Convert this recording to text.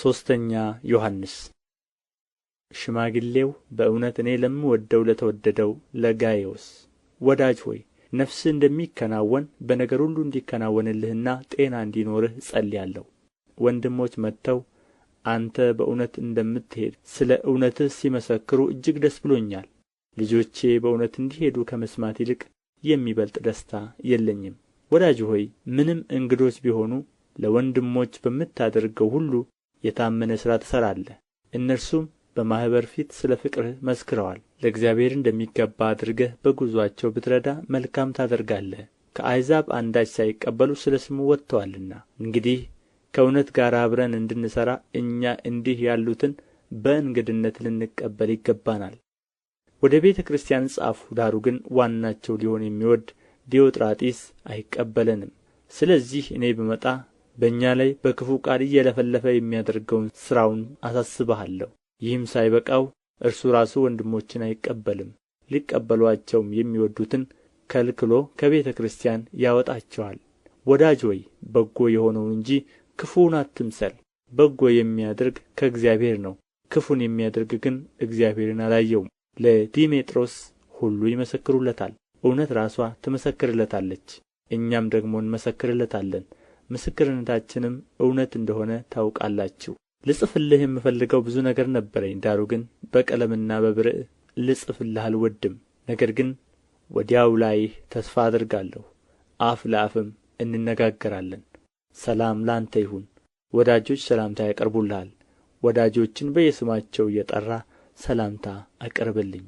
ሶስተኛ ዮሐንስ ሽማግሌው በእውነት እኔ ለምወደው ለተወደደው ለጋይዮስ ወዳጅ ሆይ ነፍስህ እንደሚከናወን በነገር ሁሉ እንዲከናወንልህና ጤና እንዲኖርህ እጸልያለሁ። ወንድሞች መጥተው አንተ በእውነት እንደምትሄድ ስለ እውነትህ ሲመሰክሩ እጅግ ደስ ብሎኛል። ልጆቼ በእውነት እንዲሄዱ ከመስማት ይልቅ የሚበልጥ ደስታ የለኝም። ወዳጅ ሆይ ምንም እንግዶች ቢሆኑ ለወንድሞች በምታደርገው ሁሉ የታመነ ሥራ ትሠራለህ እነርሱም በማኅበር ፊት ስለ ፍቅርህ መስክረዋል ለእግዚአብሔር እንደሚገባ አድርገህ በጉዞአቸው ብትረዳ መልካም ታደርጋለህ ከአሕዛብ አንዳች ሳይቀበሉ ስለ ስሙ ወጥተዋልና እንግዲህ ከእውነት ጋር አብረን እንድንሠራ እኛ እንዲህ ያሉትን በእንግድነት ልንቀበል ይገባናል ወደ ቤተ ክርስቲያን ጻፉ። ዳሩ ግን ዋናቸው ሊሆን የሚወድ ዲዮጥራጢስ አይቀበለንም ስለዚህ እኔ ብመጣ በእኛ ላይ በክፉ ቃል እየለፈለፈ የሚያደርገውን ሥራውን አሳስበሃለሁ። ይህም ሳይበቃው እርሱ ራሱ ወንድሞችን አይቀበልም ሊቀበሏቸውም የሚወዱትን ከልክሎ ከቤተ ክርስቲያን ያወጣቸዋል ወዳጅ ሆይ በጎ የሆነውን እንጂ ክፉውን አትምሰል በጎ የሚያደርግ ከእግዚአብሔር ነው ክፉን የሚያደርግ ግን እግዚአብሔርን አላየውም ለዲሜጥሮስ ሁሉ ይመሰክሩለታል እውነት ራሷ ትመሰክርለታለች እኛም ደግሞ እንመሰክርለታለን ምስክርነታችንም እውነት እንደሆነ ታውቃላችሁ ልጽፍልህ የምፈልገው ብዙ ነገር ነበረኝ ዳሩ ግን በቀለምና በብርዕ ልጽፍልህ አልወድም ነገር ግን ወዲያው ላይህ ተስፋ አድርጋለሁ አፍ ለአፍም እንነጋገራለን ሰላም ላንተ ይሁን ወዳጆች ሰላምታ ያቀርቡልሃል ወዳጆችን በየስማቸው እየጠራ ሰላምታ አቅርብልኝ